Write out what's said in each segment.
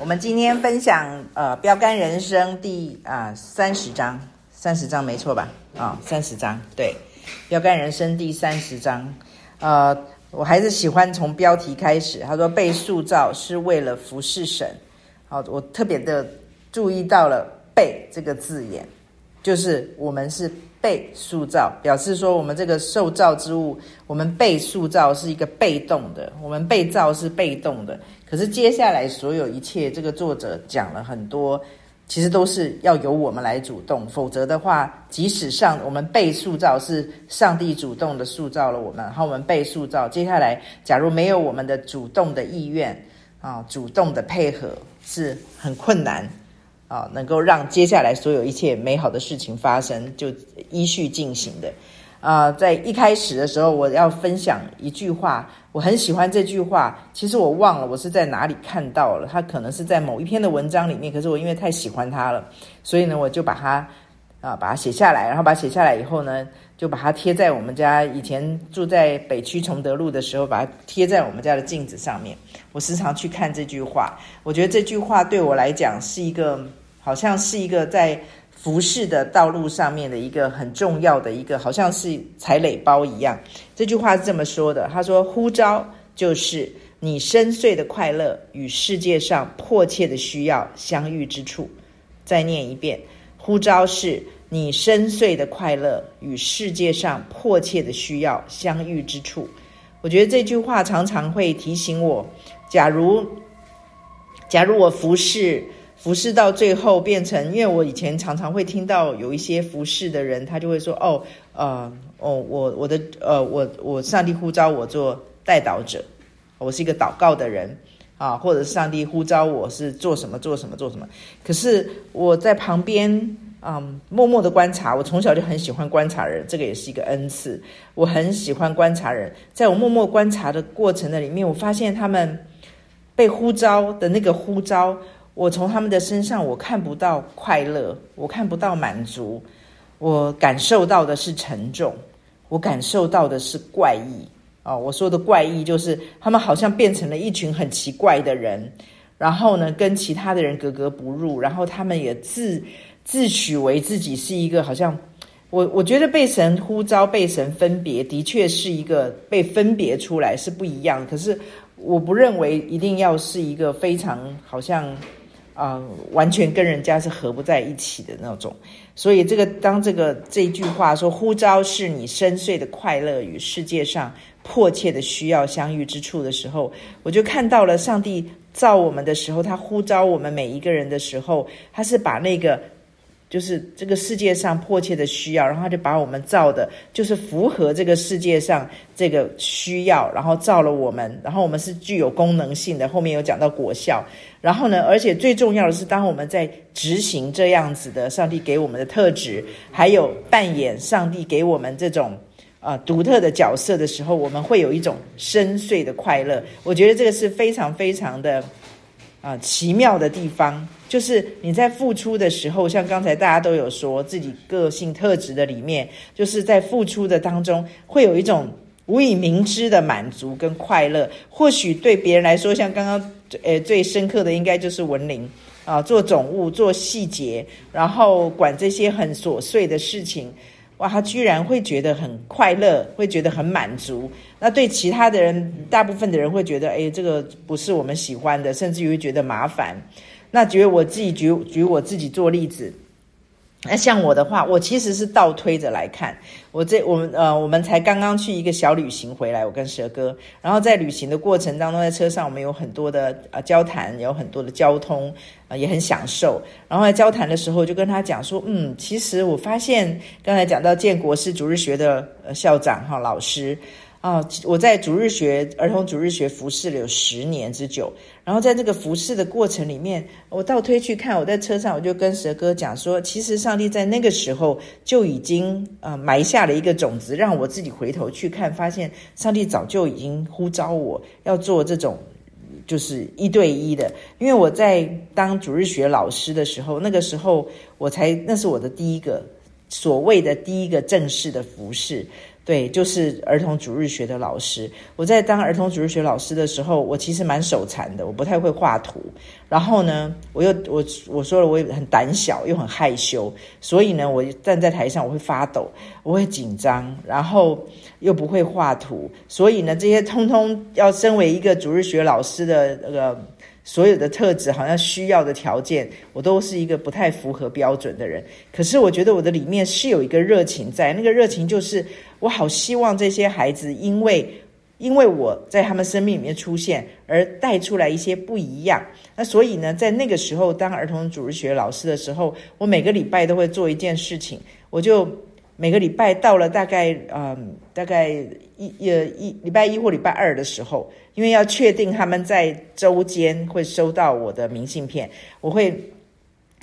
我們今天分享呃標竿人生第啊三十章，三十章沒錯吧？啊、哦，三十章對，標竿人生第三十章。呃，我還是喜歡從標題開始。他說被塑造是為了服事神。好、哦，我特別的注意到了“被”這個字眼，就是我們是被塑造，表示說我們這個受造之物，我們被塑造是一個被動的，我們被造是被動的。可是接下來所有一切，這個作者講了很多，其實都是要由我們來主動，否則的話，即使上我們被塑造是上帝主動的塑造了我們，然後我們被塑造，接下來假如沒有我們的主動的意願啊，主動的配合是很困難啊，能夠讓接下來所有一切美好的事情發生，就依序進行的。啊、呃，在一開始的時候，我要分享一句話，我很喜歡這句話。其實我忘了我是在哪裡看到了，它可能是在某一篇的文章裡面。可是我因為太喜歡它了，所以呢，我就把它啊、呃，把它寫下來，然後把它寫下來以後呢，就把它貼在我們家以前住在北區崇德路的時候，把它貼在我們家的鏡子上面。我時常去看這句話，我覺得這句話對我來講是一個，好像是一個在。服侍的道路上面的一個很重要的一個，好像是踩雷包一樣。這句話是這麼說的：他說，呼召就是你深邃的快樂與世界上迫切的需要相遇之處。再念一遍：呼召是你深邃的快樂與世界上迫切的需要相遇之處。我覺得這句話常常會提醒我：假如，假如我服侍。服侍到最後變成，因為我以前常常會聽到有一些服侍的人，他就會說：“哦，呃，哦，我我的呃，我我上帝呼召我做代禱者，我是一個禱告的人啊，或者上帝呼召我是做什麼做什麼做什麼。做什麼”可是我在旁邊啊、嗯，默默的觀察。我從小就很喜歡觀察人，這個也是一個恩賜。我很喜歡觀察人，在我默默觀察的過程的裡面，我發現他們被呼召的那個呼召。我從他們的身上，我看不到快樂，我看不到滿足，我感受到的是沉重，我感受到的是怪異。哦，我說的怪異，就是他們好像變成了一群很奇怪的人，然後呢，跟其他的人格格不入，然後他們也自自詡為自己是一個好像。我我覺得被神呼召、被神分別，的確是一個被分別出來是不一樣，可是我不認為一定要是一個非常好像。嗯、呃，完全跟人家是合不在一起的那種，所以這個當這個這句話說，呼召是你深邃的快樂與世界上迫切的需要相遇之處的時候，我就看到了上帝造我們的時候，他呼召我們每一個人的時候，他是把那個。就是這個世界上迫切的需要，然後他就把我們造的，就是符合這個世界上這個需要，然後造了我們，然後我們是具有功能性的。後面有講到果效，然後呢，而且最重要的是，當我們在執行這樣子的上帝給我們的特質，還有扮演上帝給我們這種啊、呃、獨特的角色的時候，我們會有一種深邃的快樂。我覺得這個是非常非常的。啊，奇妙的地方就是你在付出的時候，像剛才大家都有說自己個性特質的裡面，就是在付出的當中，會有一種無以名之的滿足跟快樂。或許對別人來說，像剛剛呃最深刻的應該就是文玲啊，做總務做細節，然後管這些很瑣碎的事情。哇，他居然會覺得很快樂，會覺得很滿足。那對其他的人，大部分的人會覺得，哎，這個不是我們喜歡的，甚至於會覺得麻煩。那舉我自己，舉舉我自己做例子。那像我的話，我其實是倒推着來看。我這我們呃，我們才剛剛去一個小旅行回來，我跟蛇哥。然後在旅行的過程當中，在車上我們有很多的呃交談，有很多的交通，呃也很享受。然後在交談的時候，就跟他講說，嗯，其實我發現剛才講到建國是主日學的校長哈、哦、老師。啊、哦，我在主日學、兒童主日學服事了有十年之久，然後在這個服事的過程裡面，我倒推去看，我在車上我就跟蛇哥講說，其實上帝在那個時候就已經啊、呃、埋下了一個種子，讓我自己回頭去看，發現上帝早就已經呼召我要做這種就是一對一的。因為我在當主日學老師的時候，那個時候我才那是我的第一個所謂的第一個正式的服事。對，就是兒童主日學的老師。我在當兒童主日學老師的時候，我其實蠻手殘的，我不太會畫圖。然後呢，我又我我說了，我很膽小又很害羞，所以呢，我站在台上我會發抖，我會緊張，然後又不會畫圖，所以呢，這些通通要身為一個主日學老師的那個。所有的特質，好像需要的條件，我都是一個不太符合標準的人。可是我覺得我的裡面是有一個熱情在，那個熱情就是我好希望這些孩子，因為因為我在他們生命裡面出現，而帶出來一些不一樣。那所以呢，在那個時候當兒童主日學老師的時候，我每個禮拜都會做一件事情，我就。每個禮拜到了大概，嗯，大概一呃一，一禮拜一或禮拜二的時候，因為要確定他們在周間會收到我的明信片，我會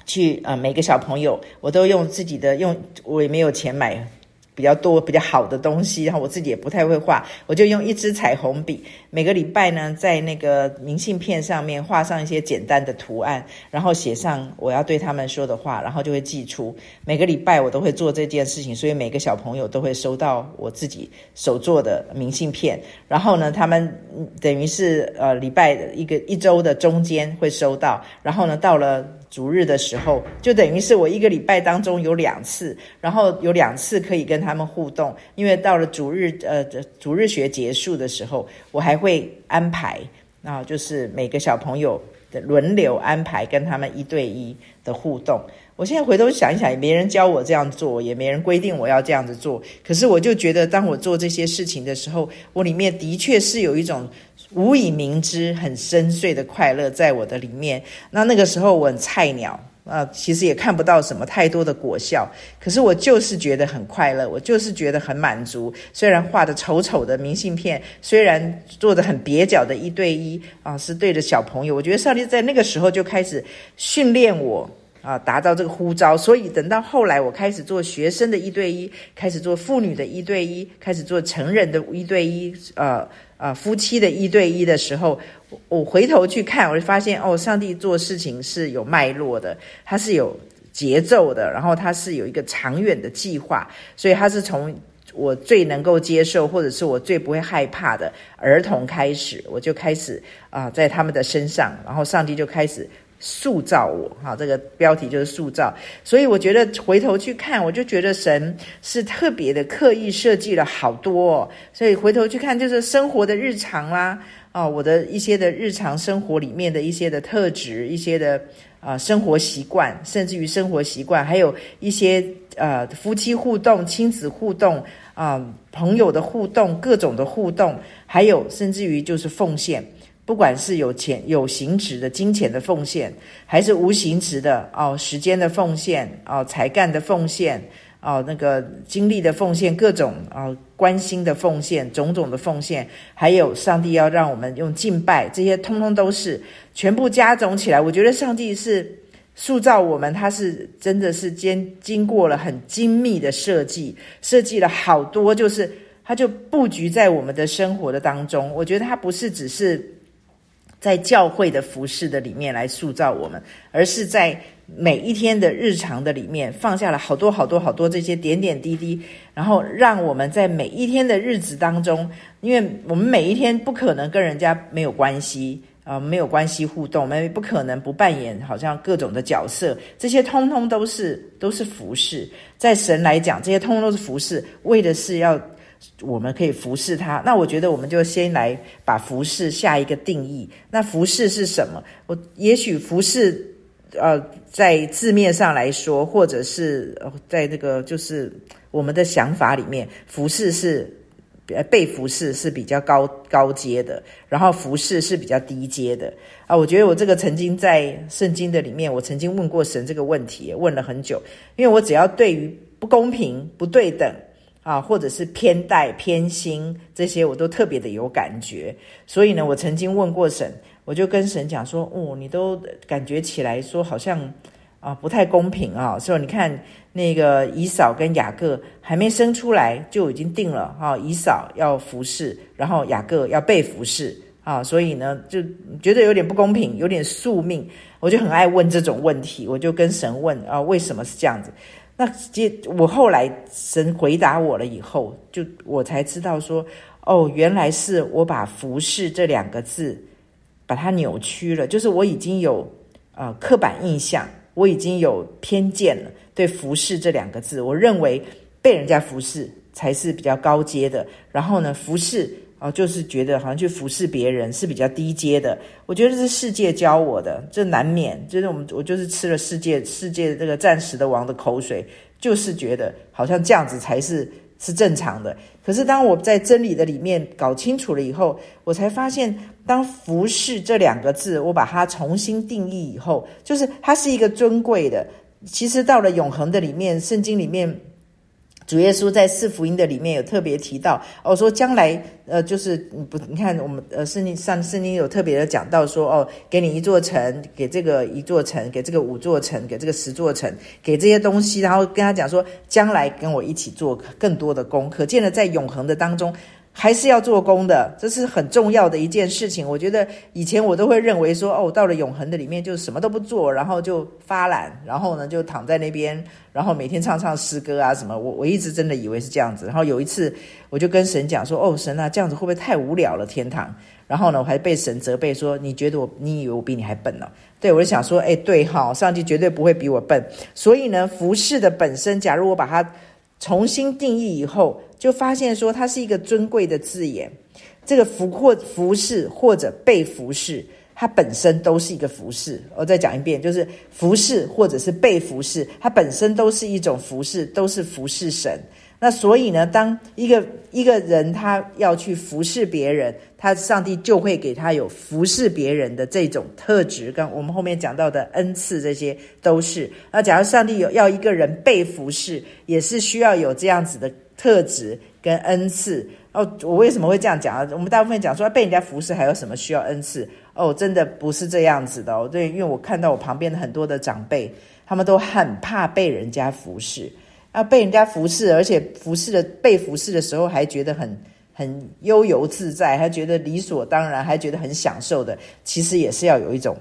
去呃，嗯，每個小朋友，我都用自己的用，我也沒有錢買。比較多比較好的東西，然後我自己也不太會畫，我就用一支彩虹筆，每個禮拜呢，在那個明信片上面畫上一些簡單的圖案，然後寫上我要對他們說的話，然後就會寄出。每個禮拜我都會做這件事情，所以每個小朋友都會收到我自己手做的明信片。然後呢，他們等於是呃禮拜的一個一周的中間會收到，然後呢到了。主日的時候，就等於是我一個禮拜當中有兩次，然後有兩次可以跟他們互動。因為到了主日呃主日學結束的時候，我還會安排那就是每個小朋友的輪流安排跟他們一對一的互動。我現在回頭想一想，也沒人教我這樣做，也沒人規定我要這樣子做。可是我就覺得，當我做這些事情的時候，我裡面的確是有一種。無以名之，很深邃的快樂在我的裡面。那那個時候我很菜鳥，啊、呃，其實也看不到什麼太多的果效。可是我就是覺得很快樂，我就是覺得很滿足。雖然畫的醜醜的明信片，雖然做的很蹩腳的一對一啊、呃，是對着小朋友。我覺得上帝在那個時候就開始訓練我啊、呃，達到這個呼召。所以等到後來，我開始做學生的一對一，開始做婦女的一對一，開始做成人的一對一，呃。啊、呃，夫妻的一對一的時候，我回頭去看，我就發現哦，上帝做事情是有脈絡的，他是有節奏的，然後他是有一個長遠的計劃，所以他是從我最能夠接受或者是我最不會害怕的兒童開始，我就開始啊、呃，在他們的身上，然後上帝就開始。塑造我哈，這個標題就是塑造，所以我覺得回頭去看，我就覺得神是特別的刻意設計了好多哦。所以回頭去看，就是生活的日常啦，啊，我的一些的日常生活裡面的一些的特質，一些的啊生活習慣，甚至於生活習慣，還有一些呃夫妻互動、親子互動啊、朋友的互動、各種的互動，還有甚至於就是奉獻。不管是有錢有形值的金錢的奉獻，還是無形值的哦時間的奉獻，哦才幹的奉獻，哦那個精力的奉獻，各種啊、哦、關心的奉獻，種種的奉獻，還有上帝要讓我們用敬拜，這些通通都是全部加總起來。我覺得上帝是塑造我們，他是真的是經經過了很精密的設計，設計了好多，就是他就布局在我們的生活的當中。我覺得他不是只是。在教會的服侍的裡面來塑造我們，而是在每一天的日常的裡面放下了好多好多好多這些點點滴滴，然後讓我們在每一天的日子當中，因為我們每一天不可能跟人家沒有關係啊、呃，沒有關係互動，我們不可能不扮演好像各種的角色，這些通通都是都是服侍，在神來講，這些通通都是服侍，為的是要。我們可以服侍他，那我覺得我們就先來把服侍下一個定義。那服侍是什麼？我也許服侍，呃，在字面上來說，或者是在這個就是我們的想法裡面，服侍是呃被服侍是比較高高階的，然後服侍是比較低階的啊、呃。我覺得我這個曾經在聖經的裡面，我曾經問過神這個問題，問了很久，因為我只要對於不公平不對等。啊，或者是偏待偏心這些，我都特別的有感覺。所以呢，我曾經問過神，我就跟神講說：“哦、嗯，你都感覺起來說好像啊不太公平啊，說你看那個以掃跟雅各還沒生出來就已經定了啊，以掃要服侍，然後雅各要被服侍啊，所以呢就覺得有點不公平，有點宿命。我就很愛問這種問題，我就跟神問啊，為什麼是這樣子？”那接我後來神回答我了以後，就我才知道說，哦，原來是我把“服侍”這兩個字把它扭曲了，就是我已經有呃刻板印象，我已經有偏見了。對“服侍”這兩個字，我認為被人家服侍才是比較高階的，然後呢，服侍。啊、哦，就是覺得好像去服侍別人是比較低階的。我覺得是世界教我的，這難免就是我們，我就是吃了世界、世界這個暫時的王的口水，就是覺得好像這樣子才是是正常的。可是當我在真理的裡面搞清楚了以後，我才發現，當服侍這兩個字，我把它重新定義以後，就是它是一個尊貴的。其實到了永恆的裡面，聖經裡面。主耶穌在四福音的裡面有特別提到，哦，說將來，呃，就是不，你看我們呃，聖經上聖經有特別的講到說，哦，給你一座城，給這個一座城，給這個五座城，給這個十座城，給這些東西，然後跟他講說，將來跟我一起做更多的功，可見的在永恆的當中，還是要做工的，這是很重要的一件事情。我覺得以前我都會認為說，哦，到了永恆的裡面就什麼都不做，然後就發懶，然後呢就躺在那邊，然後每天唱唱詩歌啊什麼。我我一直真的以為是這樣子。然後有一次我就跟神講說，哦，神啊，這樣子會不會太無聊了？天堂？然後呢，我還被神責備說，你覺得我，你以為我比你還笨呢、啊？對，我就想說，誒、哎，對哈、哦，上帝絕對不會比我笨。所以呢，服事的本身，假如我把它。重新定義以後，就發現說它是一個尊貴的字眼。這個服或服侍或者被服侍，它本身都是一個服侍。我再講一遍，就是服侍或者是被服侍，它本身都是一種服侍，都是服侍神。那所以呢，當一個一個人他要去服侍別人，他上帝就會給他有服侍別人的這種特質，跟我們後面講到的恩賜，這些都是。那假如上帝有要一個人被服侍，也是需要有這樣子的特質跟恩賜。哦，我為什麼會這樣講啊？我們大部分講說被人家服侍還有什麼需要恩賜？哦，真的不是這樣子的哦。對，因為我看到我旁邊的很多的長輩，他們都很怕被人家服侍。要、啊、被人家服侍，而且服侍的被服侍的時候還覺得很很悠游自在，還覺得理所當然，還覺得很享受的，其實也是要有一種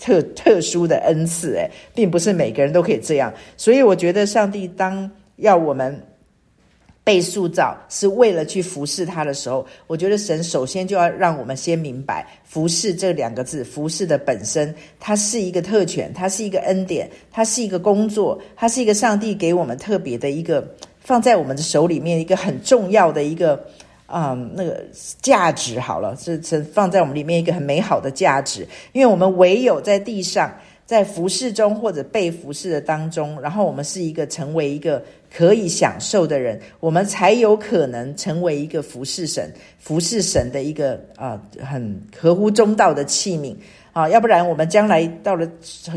特特殊的恩賜，誒，並不是每個人都可以這樣。所以我覺得上帝當要我們。被塑造是為了去服侍他的時候，我覺得神首先就要讓我們先明白“服侍”這兩個字。服侍的本身，它是一個特權，它是一個恩典，它是一個工作，它是一個上帝給我們特別的一個，放在我們的手裡面一個很重要的一個嗯、那個價值。好了，是放在我們裡面一個很美好的價值，因為我們唯有在地上。在服事中或者被服事的當中，然後我們是一個成為一個可以享受的人，我們才有可能成為一個服事神、服事神的一個啊很合乎中道的器皿啊。要不然，我們將來到了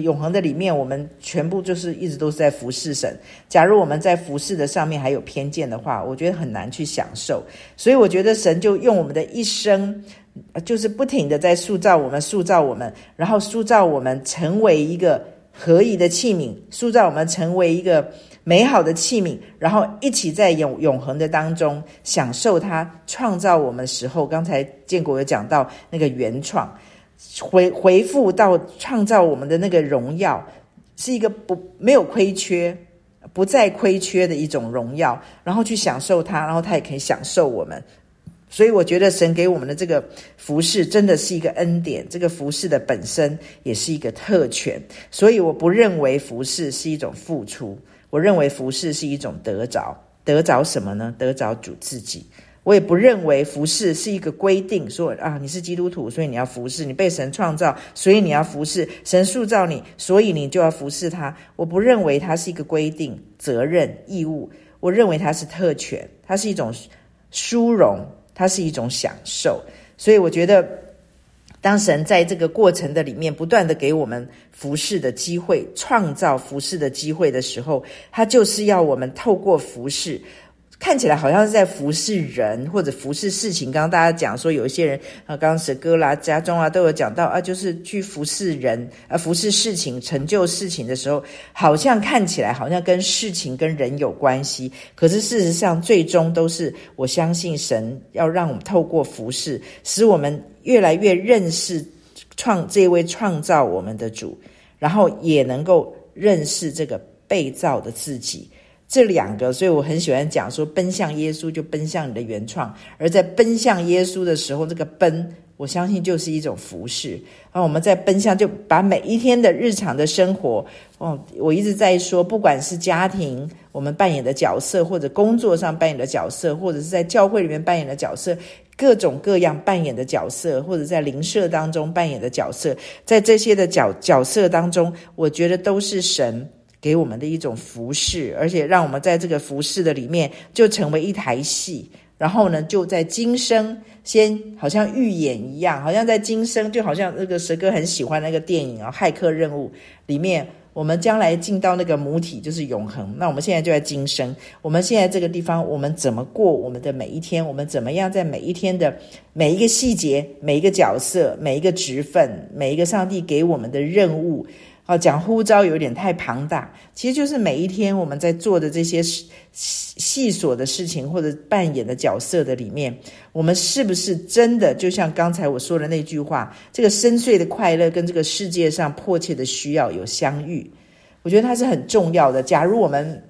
永恆的裡面，我們全部就是一直都是在服事神。假如我們在服事的上面還有偏見的話，我覺得很難去享受。所以，我覺得神就用我們的一生。就是不停地在塑造我們，塑造我們，然後塑造我們成為一個合一的器皿，塑造我們成為一個美好的器皿，然後一起在永永恆的當中享受它，創造我們的時候。剛才建國有講到那個原創，回回復到創造我們的那個榮耀，是一個不沒有虧缺，不再虧缺的一種榮耀，然後去享受它，然後它也可以享受我們。所以，我覺得神給我們的這個服侍真的是一個恩典，這個服侍的本身也是一個特權。所以，我不認為服侍是一種付出，我認為服侍是一種得着。得着什麼呢？得着主自己。我也不認為服侍是一個規定，說啊，你是基督徒，所以你要服侍；你被神創造，所以你要服侍；神塑造你，所以你就要服侍他。我不認為它是一個規定、責任、義務。我認為它是特權，它是一種殊榮。它是一種享受，所以我覺得，當神在這個過程的裡面不斷的給我們服侍的機會，創造服侍的機會的時候，他就是要我們透過服侍。看起來好像是在服事人或者服事事、事情。剛剛大家講說有一些人啊，剛剛石哥啦、家中啊都有講到啊，就是去服事人、啊服事事、事情、成就事情的時候，好像看起來好像跟事情跟人有關係。可是事實上，最終都是我相信神要讓我們透過服事，使我們越來越認識創這位創造我們的主，然後也能夠認識這個被造的自己。這兩個，所以我很喜歡講說，奔向耶穌就奔向你的原創。而在奔向耶穌的時候，這個奔，我相信就是一種服事。然後我們在奔向，就把每一天的日常的生活，哦，我一直在說，不管是家庭我們扮演的角色，或者工作上扮演的角色，或者是在教會裡面扮演的角色，各種各樣扮演的角色，或者在鄰舍當中扮演的角色，在這些的角角色當中，我覺得都是神。給我們的一種服事，而且讓我們在這個服事的裡面就成為一台戲，然後呢，就在今生先好像預演一樣，好像在今生就好像那個蛇哥很喜歡那個電影啊，《駭客任務》裡面，我們將來進到那個母體就是永恆。那我們現在就在今生，我們現在這個地方，我們怎麼過我們的每一天？我們怎麼樣在每一天的每一個細節、每一個角色、每一個職份、每一個上帝給我們的任務？哦，講呼召有點太龐大，其實就是每一天我們在做的這些細瑣的事情，或者扮演的角色的裡面，我們是不是真的就像剛才我說的那句話，這個深邃的快樂跟這個世界上迫切的需要有相遇？我覺得它是很重要的。假如我們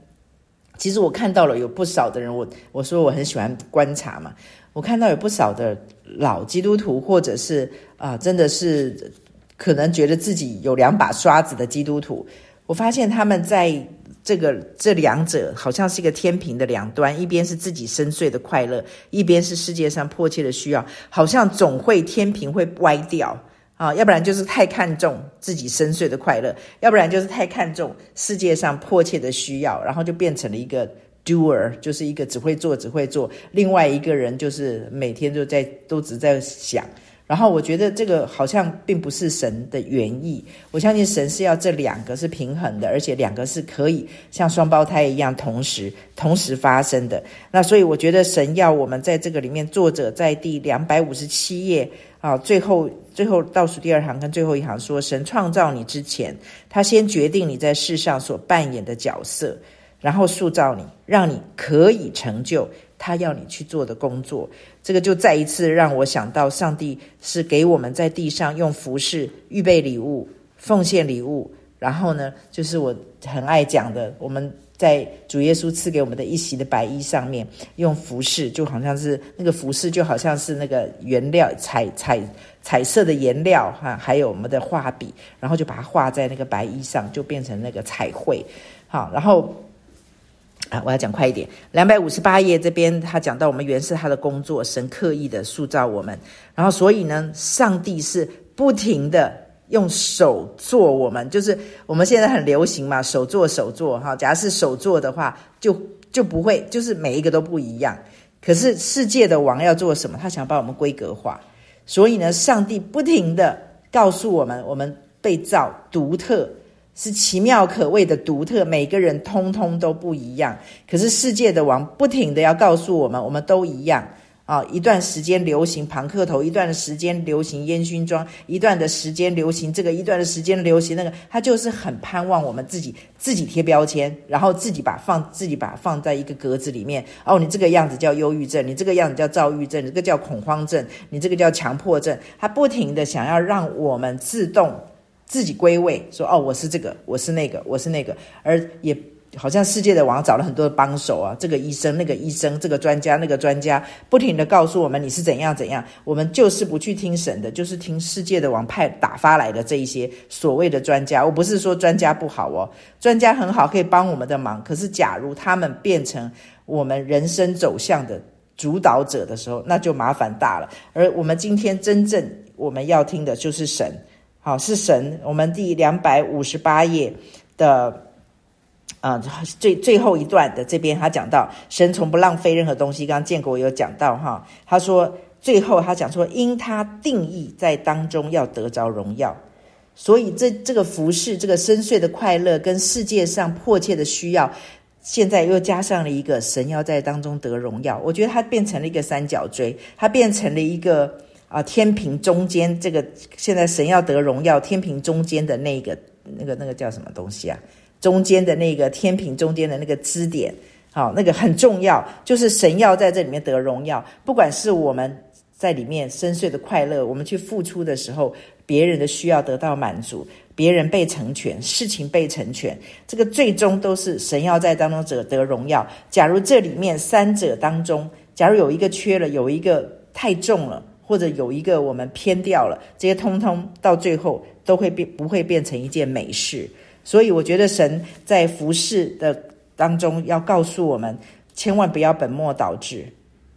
其實我看到了有不少的人，我我說我很喜歡觀察嘛，我看到有不少的老基督徒，或者是啊、呃，真的是。可能覺得自己有兩把刷子的基督徒，我發現他們在這個這兩者好像是一個天平的兩端，一邊是自己深邃的快樂，一邊是世界上迫切的需要，好像總會天平會歪掉啊，要不然就是太看重自己深邃的快樂，要不然就是太看重世界上迫切的需要，然後就變成了一個 doer，就是一個只會做只會做，另外一個人就是每天都在都只在想。然後我覺得這個好像並不是神的原意。我相信神是要這兩個是平衡的，而且兩個是可以像雙胞胎一樣同時同時發生的。那所以我覺得神要我們在這個裡面，作者在第兩百五十七頁啊，最後最後倒數第二行跟最後一行說，神創造你之前，他先決定你在世上所扮演的角色，然後塑造你，讓你可以成就他要你去做的工作。這個就再一次讓我想到，上帝是給我們在地上用服事預備禮物、奉獻禮物，然後呢，就是我很愛講的，我們在主耶穌賜給我們的一襲的白衣上面用服事，就好像是那個服事，就好像是那個原料彩彩彩色的顏料哈、啊，還有我們的畫筆，然後就把它畫在那個白衣上，就變成那個彩繪。好，然後。啊，我要講快一點。兩百五十八頁這邊，他講到我們原是他的工作，神刻意的塑造我們。然後，所以呢，上帝是不停的用手做我們，就是我們現在很流行嘛，手做手做哈。假如是手做的話，就就不會，就是每一個都不一樣。可是世界的王要做什麼？他想把我們規格化。所以呢，上帝不停的告訴我們，我們被造獨特。是奇妙可畏的獨特，每個人通通都不一樣。可是世界的王不停地要告訴我們，我們都一樣啊！一段時間流行龐克頭，一段時間流行煙熏妝，一段的時間流行這個，一段的時間流行那個。他就是很盼望我們自己，自己貼標籤，然後自己把放，自己把放在一個格子裡面。哦，你這個樣子叫憂鬱症，你這個樣子叫躁鬱症，你這個叫恐慌症，你這個叫強迫症。他不停地想要讓我們自動。自己歸位說：“哦，我是這個，我是那個，我是那個。”而也好像世界的王找了很多的幫手啊，這個醫生，那個醫生，這個專家，那個專家，不停地告訴我們你是怎樣怎樣。我們就是不去聽神的，就是聽世界的王派打發來的這一些所謂的專家。我不是說專家不好哦，專家很好，可以幫我們的忙。可是假如他們變成我們人生走向的主導者的時候，那就麻煩大了。而我們今天真正我們要聽的就是神。哦，是神。我們第兩百五十八頁的，啊，最最後一段的這邊，他講到，神從不浪費任何東西。剛剛建國有講到哈，他說最後他講說，因他定義在當中要得着榮耀，所以這這個服事，這個深邃的快樂，跟世界上迫切的需要，現在又加上了一個神要在當中得榮耀。我覺得它變成了一個三角錐，它變成了一個。啊，天平中間這個現在神要得榮耀，天平中間的那個那個那個叫什麼東西啊？中間的那個，天平中間的那個支點，好、啊，那個很重要，就是神要在這裡面得榮耀。不管是我們在裡面深邃的快樂，我們去付出的時候，別人的需要得到滿足，別人被成全，事情被成全，這個最終都是神要在當中者得榮耀。假如這裡面三者當中，假如有一個缺了，有一個太重了，或者有一個我們偏掉了，這些通通到最後都會變，不會變成一件美事。所以我覺得神在服事的當中要告訴我們，千萬不要本末倒置，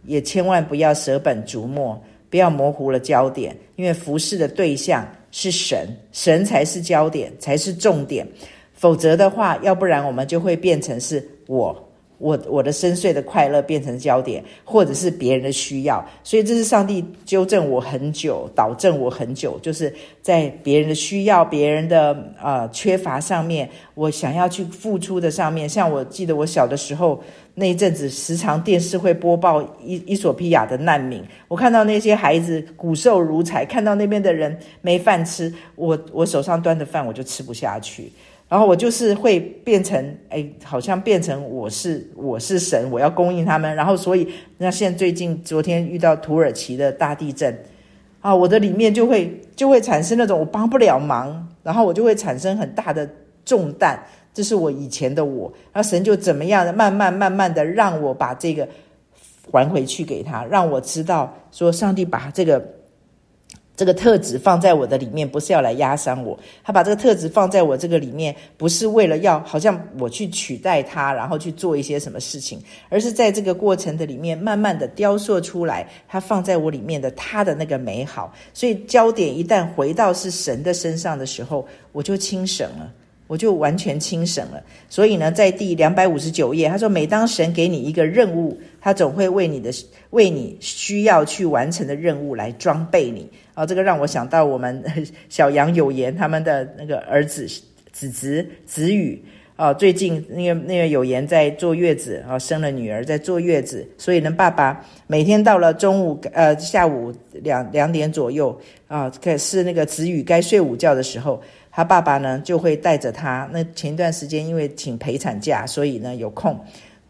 也千萬不要捨本逐末，不要模糊了焦點，因為服事的對象是神，神才是焦點，才是重點。否則的話，要不然我們就會變成是我。我我的深邃的快樂變成焦點，或者是別人的需要，所以這是上帝糾正我很久，導正我很久，就是在別人的需要、別人的呃缺乏，上面，我想要去付出的上面。像我記得我小的時候那一陣子，時常電視會播報一伊索比亞的難民，我看到那些孩子骨瘦如柴，看到那邊的人沒飯吃，我我手上端着飯我就吃不下去。然後我就是會變成，誒、哎，好像變成我是我是神，我要供應他們。然後所以那現在最近昨天遇到土耳其的大地震，啊，我的裡面就會就會產生那種我幫不了忙，然後我就會產生很大的重擔。這是我以前的我，那、啊、神就怎麼樣的慢慢慢慢的讓我把這個還回去給他，讓我知道說上帝把這個。這個特質放在我的裡面，不是要來壓傷我。他把這個特質放在我這個裡面，不是為了要好像我去取代他，然後去做一些什麼事情，而是在這個過程的裡面，慢慢的雕塑出來他放在我裡面的他的那個美好。所以焦點一旦回到是神的身上的時候，我就輕省了，我就完全輕省了。所以呢，在第兩百五十九頁，他說：每當神給你一個任務。他總會為你的，為你需要去完成的任務來裝備你啊、哦！這個讓我想到我們小楊有言他們的那個兒子子子子宇哦，最近那個那個有言在坐月子啊、哦，生了女兒在坐月子，所以呢，爸爸每天到了中午呃下午兩兩點左右啊、呃，是那個子宇該睡午覺的時候，他爸爸呢就會帶着他。那前一段時間因為請陪產假，所以呢有空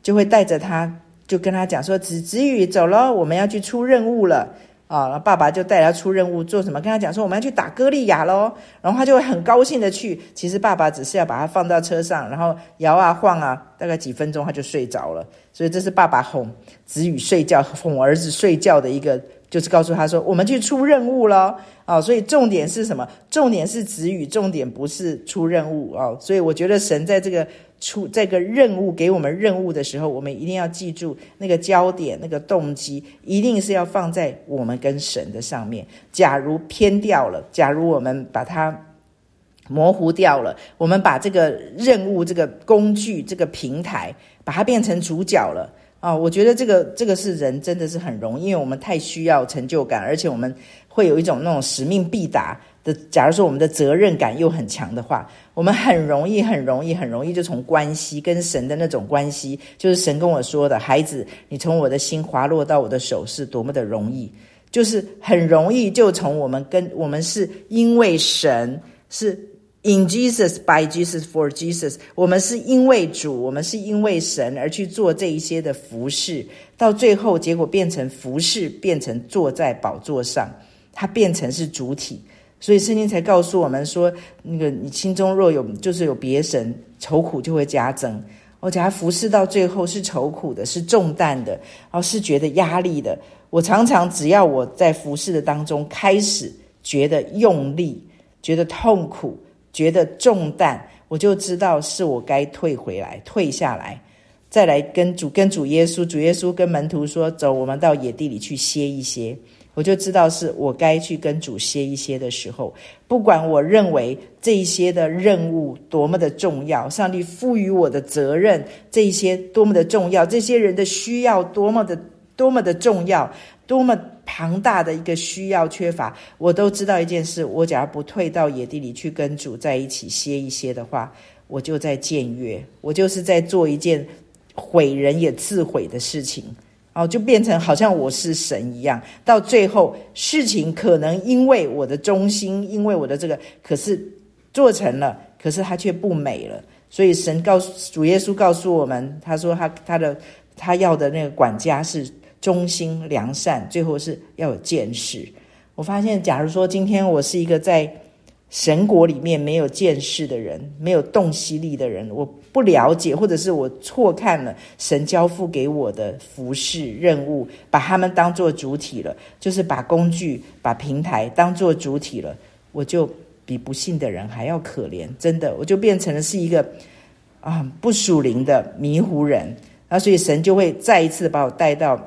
就會帶着他。就跟他講說子子宇走了，我們要去出任務了啊、哦！然後爸爸就帶他出任務做什麼？跟他講說我們要去打歌利亞嘍，然後他就很高興的去。其實爸爸只是要把他放到車上，然後搖啊晃啊，大概幾分鐘他就睡着了。所以這是爸爸哄子宇睡覺、哄兒子睡覺的一個，就是告訴他說我們去出任務咯啊、哦！所以重點是什麼？重點是子宇，重點不是出任務哦。所以我覺得神在這個。出這個任務給我們任務的時候，我們一定要記住那個焦點、那個動機，一定是要放在我們跟神的上面。假如偏掉了，假如我們把它模糊掉了，我們把這個任務、這個工具、這個平台，把它變成主角了啊、哦！我覺得這個這個是人真的是很容易，因為我們太需要成就感，而且我們。會有一種那種使命必達的，假如說我們的責任感又很強的話，我們很容易、很容易、很容易就從關係跟神的那種關係，就是神跟我說的：“孩子，你從我的心滑落到我的手，是多麼的容易，就是很容易就從我們跟，我們是因為神，是 in Jesus by Jesus for Jesus，我們是因為主，我們是因為神而去做這一些的服事，到最後結果變成服事，變成坐在寶座上。”它變成是主體，所以聖經才告訴我們說：那個你心中若有，就是有別神，愁苦就會加增。而且他服侍到最後是愁苦的，是重擔的，然後是覺得壓力的。我常常只要我在服侍的當中開始覺得用力、覺得痛苦、覺得重擔，我就知道是我該退回來、退下來，再來跟主、跟主耶穌、主耶穌跟門徒說：走，我們到野地裡去歇一歇。我就知道是我該去跟主歇一歇的時候。不管我認為這一些的任務多麼的重要，上帝賦予我的責任這一些多麼的重要，這些人的需要多麼的多麼的重要，多麼龐大的一個需要缺乏，我都知道一件事：我假如不退到野地裡去跟主在一起歇一歇的話，我就在僭越，我就是在做一件毀人也自毀的事情。哦，就變成好像我是神一樣，到最後事情可能因為我的忠心，因為我的這個，可是做成了，可是他卻不美了。所以神告訴主耶穌告訴我們，他說他他的他要的那個管家是忠心良善，最後是要有見識。我發現，假如說今天我是一個在。神國裡面沒有見識的人，沒有洞悉力的人，我不了解，或者是我錯看了神交付給我的服事任務，把他們當做主體了，就是把工具、把平台當做主體了，我就比不信的人還要可憐，真的，我就變成了是一個啊不屬靈的迷糊人，那所以神就會再一次把我帶到，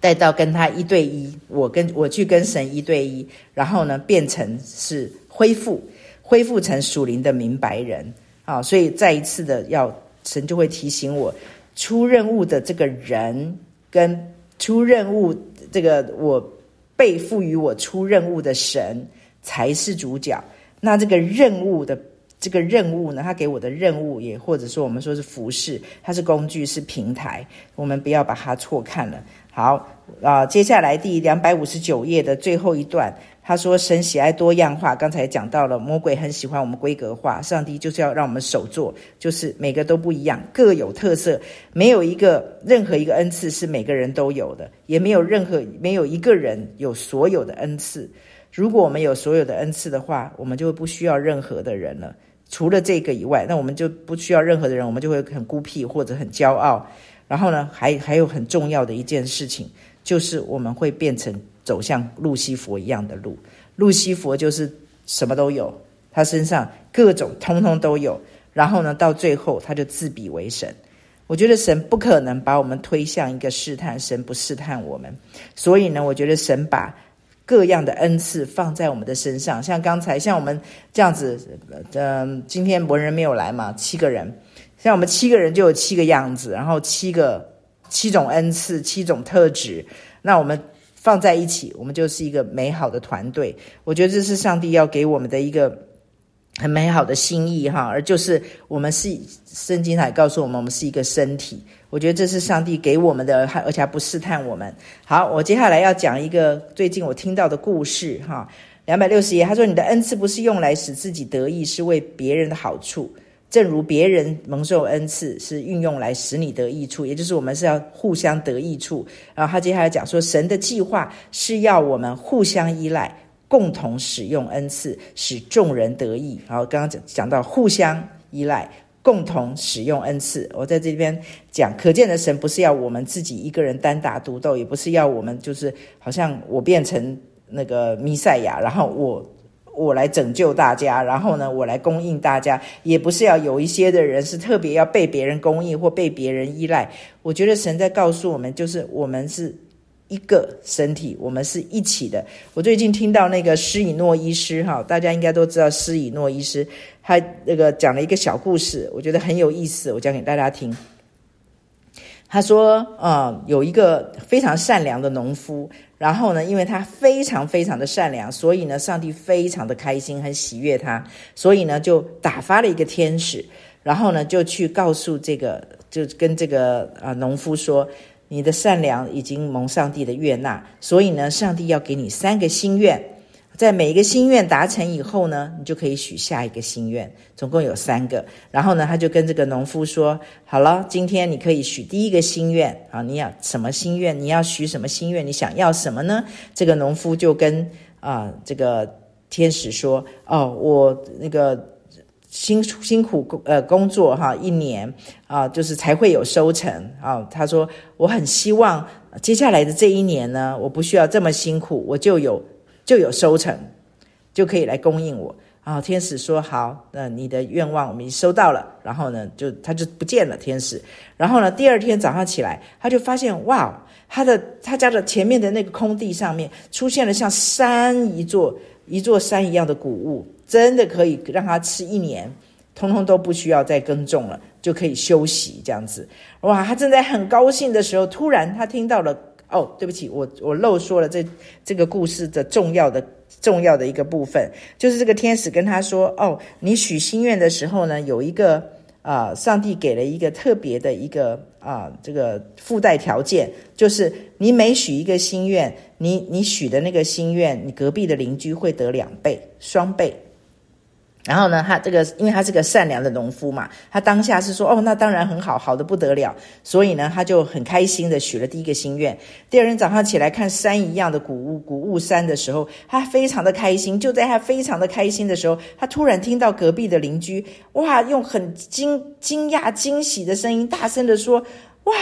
帶到跟他一對一，我跟我去跟神一對一，然後呢，變成是。恢復，恢復成屬靈的明白人啊！所以再一次的要，要神就會提醒我，出任務的這個人跟出任務這個我被賦予我出任務的神才是主角。那這個任務的。這個任務呢，他給我的任務也，或者說我們說是服事，它是工具，是平台，我們不要把它錯看了。好，啊、呃，接下來第兩百五十九頁的最後一段，他說神喜愛多樣化。剛才講到了，魔鬼很喜歡我們規格化，上帝就是要讓我們手作，就是每個都不一樣，各有特色，沒有一個任何一個恩賜是每個人都有的，也沒有任何沒有一個人有所有的恩賜。如果我們有所有的恩賜的話，我們就不需要任何的人了。除了這個以外，那我們就不需要任何的人，我們就會很孤僻或者很驕傲。然後呢，還還有很重要的一件事情，就是我們會變成走向路西佛一樣的路。路西佛就是什麼都有，他身上各種通通都有。然後呢，到最後他就自比為神。我覺得神不可能把我們推向一個試探，神不試探我們。所以呢，我覺得神把。各樣的恩賜放在我們的身上，像剛才，像我們這樣子，呃、嗯，今天文人沒有來嘛，七個人，像我們七個人就有七個樣子，然後七個七種恩賜，七種特質，那我們放在一起，我們就是一個美好的團隊。我覺得這是上帝要給我們的一個。很美好的心意哈，而就是我們是聖經還告訴我們，我們是一個身體。我覺得這是上帝給我們的，而且還不試探我們。好，我接下來要講一個最近我聽到的故事哈，兩百六十頁，他說你的恩賜不是用來使自己得益，是為別人的好處，正如別人蒙受恩賜是運用來使你得益處，也就是我們是要互相得益處。然後他接下來講說，神的計劃是要我們互相依賴。共同使用恩賜，使眾人得益。然後剛剛講講到互相依賴，共同使用恩賜。我在這邊講，可見的神不是要我們自己一個人單打獨鬥，也不是要我們就是好像我變成那個彌賽亞，然後我我來拯救大家，然後呢，我來供應大家，也不是要有一些的人是特別要被別人供應或被別人依賴。我覺得神在告訴我們，就是我們是。一個身體，我們是一起的。我最近聽到那個施以諾醫師，哈，大家應該都知道施以諾醫師，他那個講了一個小故事，我覺得很有意思，我講給大家聽。他說，呃、嗯，有一個非常善良的農夫，然後呢，因為他非常非常的善良，所以呢，上帝非常的開心，很喜悅他，所以呢，就打發了一個天使，然後呢，就去告訴這個，就跟這個啊農夫說。你的善良已經蒙上帝的悅納，所以呢，上帝要給你三個心願，在每一個心願達成以後呢，你就可以許下一個心願，總共有三個。然後呢，他就跟這個農夫說：“好了，今天你可以許第一個心願啊，你要什麼心願？你要許什麼心願？你想要什麼呢？”這個農夫就跟啊這個天使說：“哦，我那個。”辛辛苦苦呃工作，哈一年啊，就是才會有收成啊。他說：“我很希望接下來的這一年呢，我不需要這麼辛苦，我就有就有收成，就可以來供應我。”啊，天使說：“好，那你的願望我們已經收到了。”然後呢，就他就不見了，天使。然後呢，第二天早上起來，他就發現哇，他的他家的前面的那個空地上面出現了像山一座一座山一樣的谷物。真的可以讓他吃一年，通通都不需要再耕種了，就可以休息這樣子。哇，他正在很高興的時候，突然他聽到了。哦，對不起，我我漏說了這這個故事的重要的重要的一個部分，就是這個天使跟他說：哦，你許心願的時候呢，有一個呃，上帝給了一個特別的一個啊，呃，這個附帶條件，就是你每許一個心願，你你許的那個心願，你隔壁的鄰居會得兩倍雙倍。然後呢，他這個，因為他是個善良的農夫嘛，他當下是說，哦，那當然很好，好得不得了。所以呢，他就很開心地許了第一個心願。第二天早上起來看山一樣的穀物，穀物山的時候，他非常的開心。就在他非常的開心的時候，他突然聽到隔壁的鄰居，哇，用很驚驚訝、驚喜的聲音，大聲地說，哇！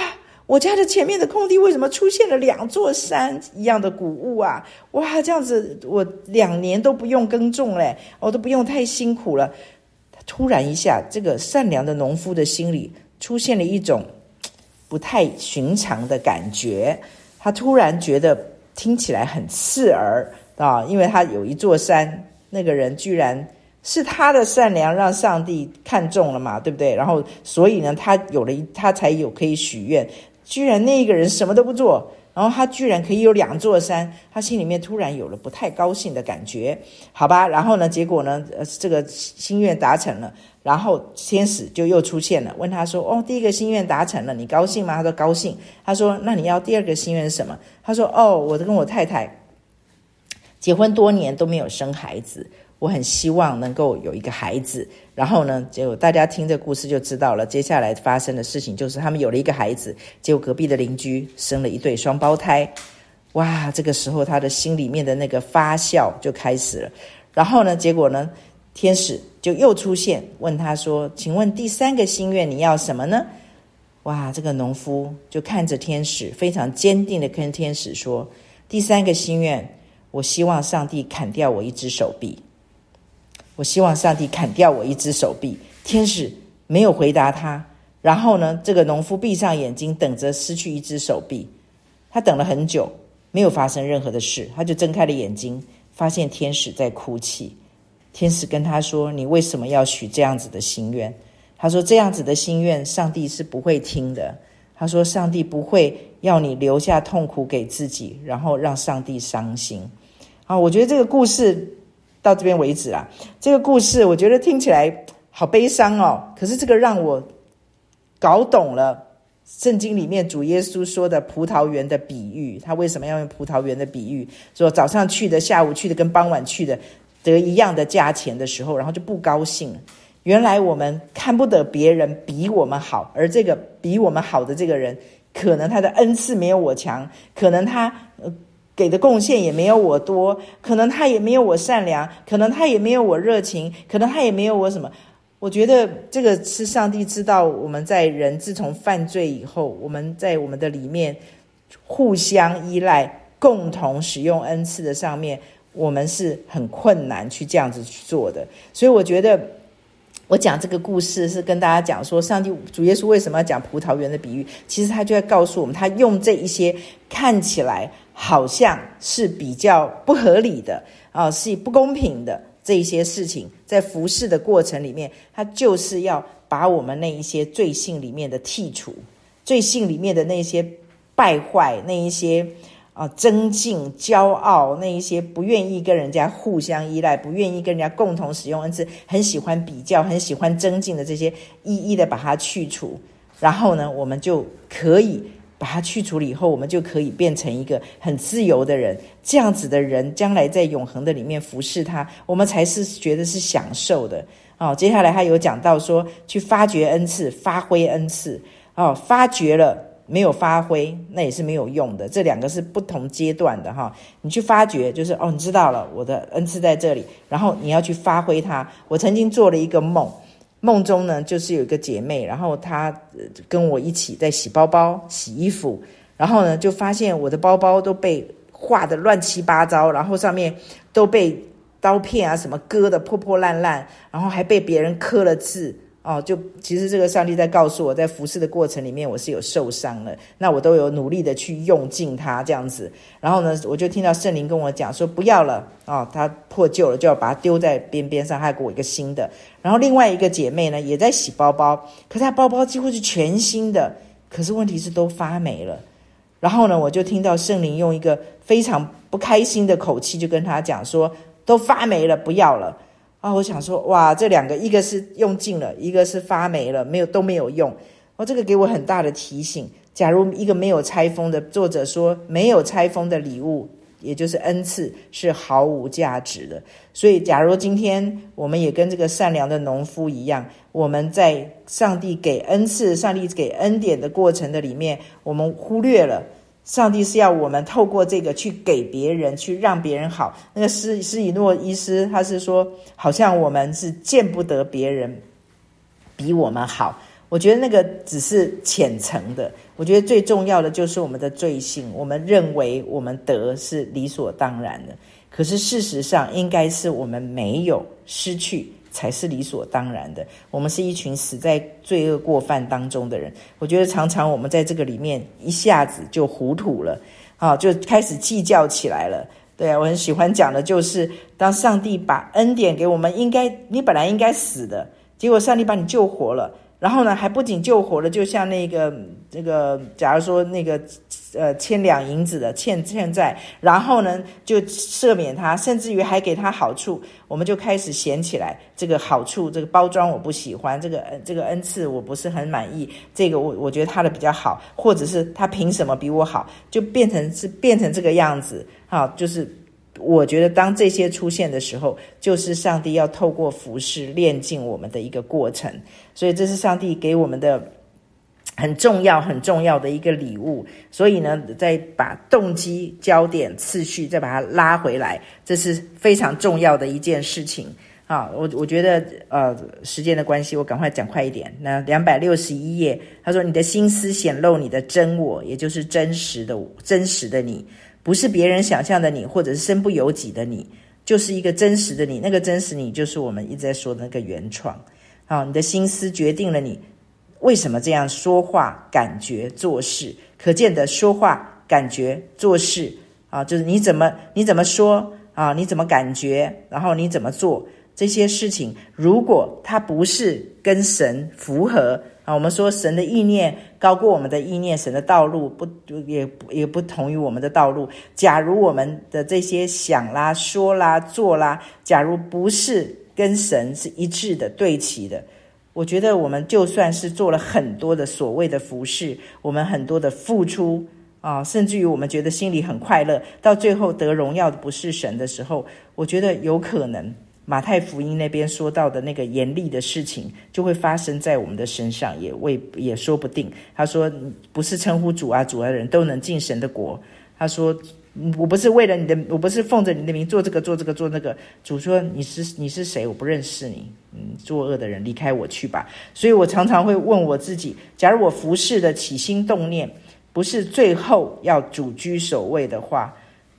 我家的前面的空地為什麼出現了兩座山一樣的穀物啊？哇，這樣子我兩年都不用耕種嘞，欸，我都不用太辛苦了。突然一下，這個善良的農夫的心裡出現了一種不太尋常的感覺。他突然覺得聽起來很刺耳啊，因為他有一座山，那個人居然是他的善良讓上帝看中了嘛，對不對？然後所以呢，他有了一，他才有可以許願。居然那個人什麼都不做，然後他居然可以有兩座山，他心裡面突然有了不太高興的感覺，好吧，然後呢，結果呢，呃，這個心願達成了，然後天使就又出現了，問他說：“哦，第一個心願達成了，你高興嗎？”他說：“高興。”他說：“那你要第二個心願是什麼？”他說：“哦，我跟我太太結婚多年都沒有生孩子。”我很希望能夠有一個孩子，然後呢，就大家聽這故事就知道了。接下來發生的事情就是他們有了一個孩子，結果隔壁的鄰居生了一對雙胞胎，哇！這個時候他的心裡面的那個發酵就開始了。然後呢，結果呢，天使就又出現，問他說：“請問第三個心願你要什麼呢？”哇！這個農夫就看着天使，非常堅定地跟天使說：“第三個心願，我希望上帝砍掉我一隻手臂。”我希望上帝砍掉我一隻手臂。天使沒有回答他。然後呢，這個農夫閉上眼睛，等着失去一隻手臂。他等了很久，沒有發生任何的事。他就睜開了眼睛，發現天使在哭泣。天使跟他說：“你為什麼要許這樣子的心願？”他說：“這樣子的心願，上帝是不會聽的。”他說：“上帝不會要你留下痛苦給自己，然後讓上帝傷心。”啊，我覺得這個故事。到這邊為止啊，這個故事我覺得聽起來好悲傷哦。可是這個讓我搞懂了聖經裡面主耶穌說的葡萄園的比喻，他為什麼要用葡萄園的比喻？說早上去的、下午去的、跟傍晚去的得一樣的價錢的時候，然後就不高興。原來我們看不得別人比我們好，而這個比我們好的這個人，可能他的恩賜沒有我強，可能他給的貢獻也沒有我多，可能他也沒有我善良，可能他也沒有我熱情，可能他也沒有我什麼。我覺得這個是上帝知道我們在人自從犯罪以後，我們在我們的裡面互相依賴，共同使用恩賜的上面，我們是很困難去這樣子去做的。所以我覺得我講這個故事是跟大家講說，上帝主耶穌為什麼要講葡萄園的比喻？其實他就在告訴我們，他用這一些看起來，好像是比較不合理的啊，是不公平的這一些事情，在服侍的過程裡面，它就是要把我們那一些罪性裡面的剔除，罪性裡面的那些敗壞，那一些啊，爭競、驕傲，那一些不願意跟人家互相依賴，不願意跟人家共同使用恩賜，很喜歡比較，很喜歡爭競的這些，一一的把它去除，然後呢，我們就可以。把它去除了以後，我們就可以變成一個很自由的人。這樣子的人，將來在永恆的裡面服侍他，我們才是覺得是享受的。哦，接下來他有講到說，去發掘恩賜，發揮恩賜。哦，發掘了沒有發揮，那也是沒有用的。這兩個是不同階段的哈。你去發掘，就是哦，你知道了，我的恩賜在這裡，然後你要去發揮它。我曾經做了一個夢。夢中呢，就是有一個姐妹，然後她跟我一起在洗包包、洗衣服，然後呢，就發現我的包包都被畫得亂七八糟，然後上面都被刀片啊什麼割得破破爛爛，然後還被別人刻了字。哦，就其實這個上帝在告訴我在服事的過程裡面，我是有受傷了。那我都有努力的去用盡它這樣子。然後呢，我就聽到聖靈跟我講說：“不要了，哦，它破舊了，就要把它丟在邊邊上，還給我一個新的。”然後另外一個姐妹呢，也在洗包包，可是她包包幾乎是全新的，可是問題是都發霉了。然後呢，我就聽到聖靈用一個非常不開心的口氣，就跟她講說：“都發霉了，不要了。”啊、哦，我想說，哇，這兩個，一個是用盡了，一個是發霉了，沒有，都沒有用。哦，這個給我很大的提醒。假如一個沒有拆封的作者說，沒有拆封的禮物，也就是恩賜是毫無價值的。所以，假如今天我們也跟這個善良的農夫一樣，我們在上帝給恩賜、上帝給恩典的過程的裡面，我們忽略了。上帝是要我們透過這個去給別人，去讓別人好。那個施施以諾醫師，他是說，好像我們是見不得別人比我們好。我覺得那個只是淺層的。我覺得最重要的就是我們的罪性，我們認為我們得是理所當然的。可是事實上，應該是我們沒有失去。才是理所當然的。我們是一群死在罪惡過犯當中的人。我覺得常常我們在這個裡面一下子就糊塗了，啊，就開始計較起來了。對啊，我很喜歡講的就是，當上帝把恩典給我們，應該，你本來應該死的，結果上帝把你救活了。然後呢，還不僅救活了，就像那個這個，假如說那個呃，千兩銀子的欠欠債，然後呢就赦免他，甚至於還給他好處，我們就開始嫌起來，這個好處這個包裝我不喜歡，這個恩這個恩賜我不是很滿意，這個我我覺得他的比較好，或者是他憑什麼比我好，就變成是變成這個樣子啊，就是。我覺得當這些出現的時候，就是上帝要透過服事煉淨我們的一個過程，所以這是上帝給我們的很重要很重要的一個禮物。所以呢，再把動機、焦點、次序再把它拉回來，這是非常重要的一件事情啊！我我覺得，呃，時間的關係，我趕快講快一點。那兩百六十一頁，他說：“你的心思顯露你的真我，也就是真實的真實的你。”不是別人想象的你，或者是身不由己的你，就是一個真實的你。那個真實你，就是我們一直在說的那個原創。啊，你的心思決定了你為什麼這樣說話、感覺、做事。可見的說話、感覺、做事，啊，就是你怎麼你怎麼說啊，你怎麼感覺，然後你怎麼做這些事情，如果它不是跟神符合。啊，我們說神的意念高過我們的意念，神的道路不也不也不同於我們的道路。假如我們的這些想啦、說啦、做啦，假如不是跟神是一致的對齊的，我覺得我們就算是做了很多的所謂的服事，我們很多的付出啊，甚至於我們覺得心裡很快樂，到最後得榮耀的不是神的時候，我覺得有可能，馬太福音那邊說到的那個嚴厲的事情，就會發生在我們的身上，也未也說不定。他說，不是稱呼主啊主啊的人都能進神的國。他說，我不是為了你的，我不是奉着你的名做這個做這個做那個。主說，你是你是誰？我不認識你。嗯，作惡的人，離開我去吧。所以我常常會問我自己，假如我服侍的起心動念不是最後要主居首位的話，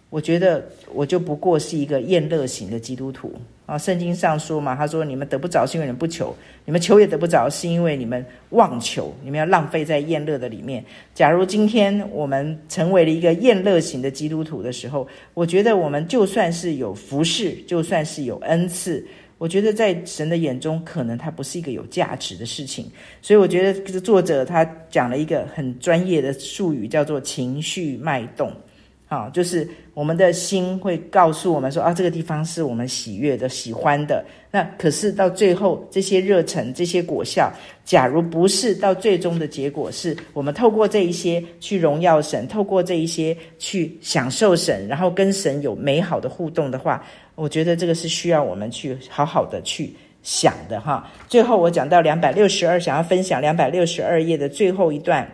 我覺得我就不過是一個厭樂型的基督徒。啊，聖經上說嘛，他說你們得不着，是因為你們不求；你們求也得不着，是因為你們妄求。你們要浪費在宴樂的裡面。假如今天我們成為了一個宴樂型的基督徒的時候，我覺得我們就算是有服侍，就算是有恩賜，我覺得在神的眼中，可能它不是一個有價值的事情。所以我覺得這作者他講了一個很專業的術語，叫做情緒脈動。好、啊，就是。我們的心會告訴我們說：“啊，這個地方是我們喜悅的、喜歡的。”那可是到最後，這些熱忱、這些果效，假如不是到最終的結果是，是我們透過這一些去榮耀神，透過這一些去享受神，然後跟神有美好的互動的話，我覺得這個是需要我們去好好的去想的哈。最後，我講到兩百六十二，想要分享兩百六十二頁的最後一段：“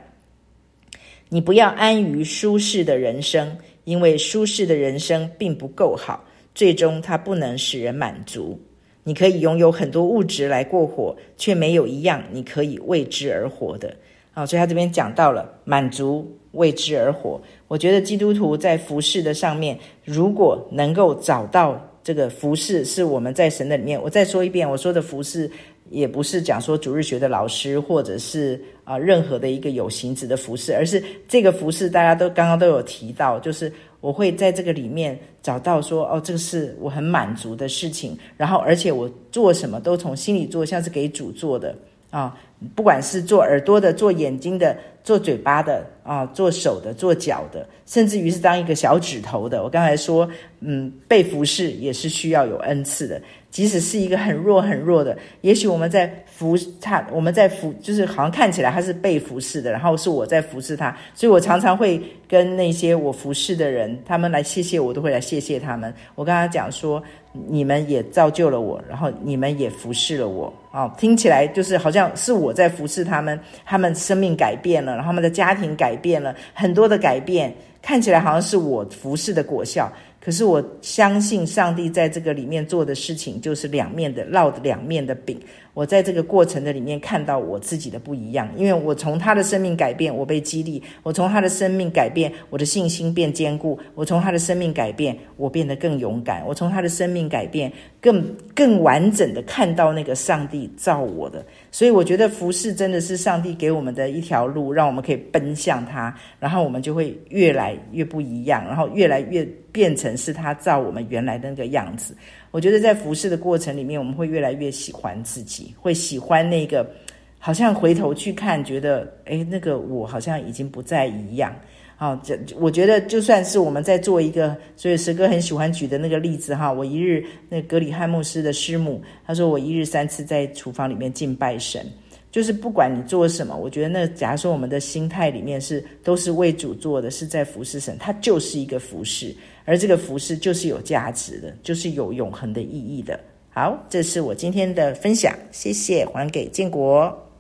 你不要安於舒適的人生。”因為舒適的人生並不夠好，最終它不能使人滿足。你可以擁有很多物質來過活，卻沒有一樣你可以為之而活的。啊、哦，所以他這邊講到了滿足，為之而活。我覺得基督徒在服事的上面，如果能夠找到這個服事，是我們在神的裡面，我再說一遍，我說的服事。也不是講說主日學的老師，或者是啊、呃、任何的一個有形職的服侍，而是這個服侍大家都剛剛都有提到，就是我會在這個裡面找到說哦，這個是我很滿足的事情，然後而且我做什麼都從心裡做，像是給主做的啊，不管是做耳朵的、做眼睛的、做嘴巴的啊、做手的、做腳的，甚至於是當一個小指頭的。我剛才說，嗯，被服侍也是需要有恩賜的。即使是一個很弱很弱的，也許我們在服他，我們在服，就是好像看起來他是被服侍的，然後是我在服侍他。所以我常常會跟那些我服侍的人，他們來謝謝我，都會來謝謝他們。我跟他講說，你們也造就了我，然後你們也服侍了我。哦，聽起來就是好像是我在服侍他們，他們生命改變了，然後他們的家庭改變了，很多的改變，看起來好像是我服侍的果效。可是我相信上帝在這個裡面做的事情，就是兩面的烙，的兩面的餅。我在這個過程的裡面看到我自己的不一樣，因為我從他的生命改變，我被激勵；我從他的生命改變，我的信心變堅固；我從他的生命改變，我變得更勇敢；我從他的生命改變，更更完整的看到那個上帝造我的。所以，我覺得服事真的是上帝給我們的一條路，讓我們可以奔向他，然後我們就會越來越不一樣，然後越來越變成是他造我們原來的那個樣子。我覺得在服侍的過程裡面，我們會越來越喜歡自己，會喜歡那個，好像回頭去看，覺得，誒，那個我好像已經不再一樣。好，這我覺得就算是我們在做一個，所以石哥很喜歡舉的那個例子哈，我一日，那葛理翰牧師的師母，她說我一日三次在廚房裡面敬拜神。就是不管你做什麼，我覺得那假如說我們的心態裡面是都是為主做的，是在服事神，它就是一個服事，而這個服事就是有價值的，就是有永恆的意義的。好，這是我今天的分享，謝謝，還給建國。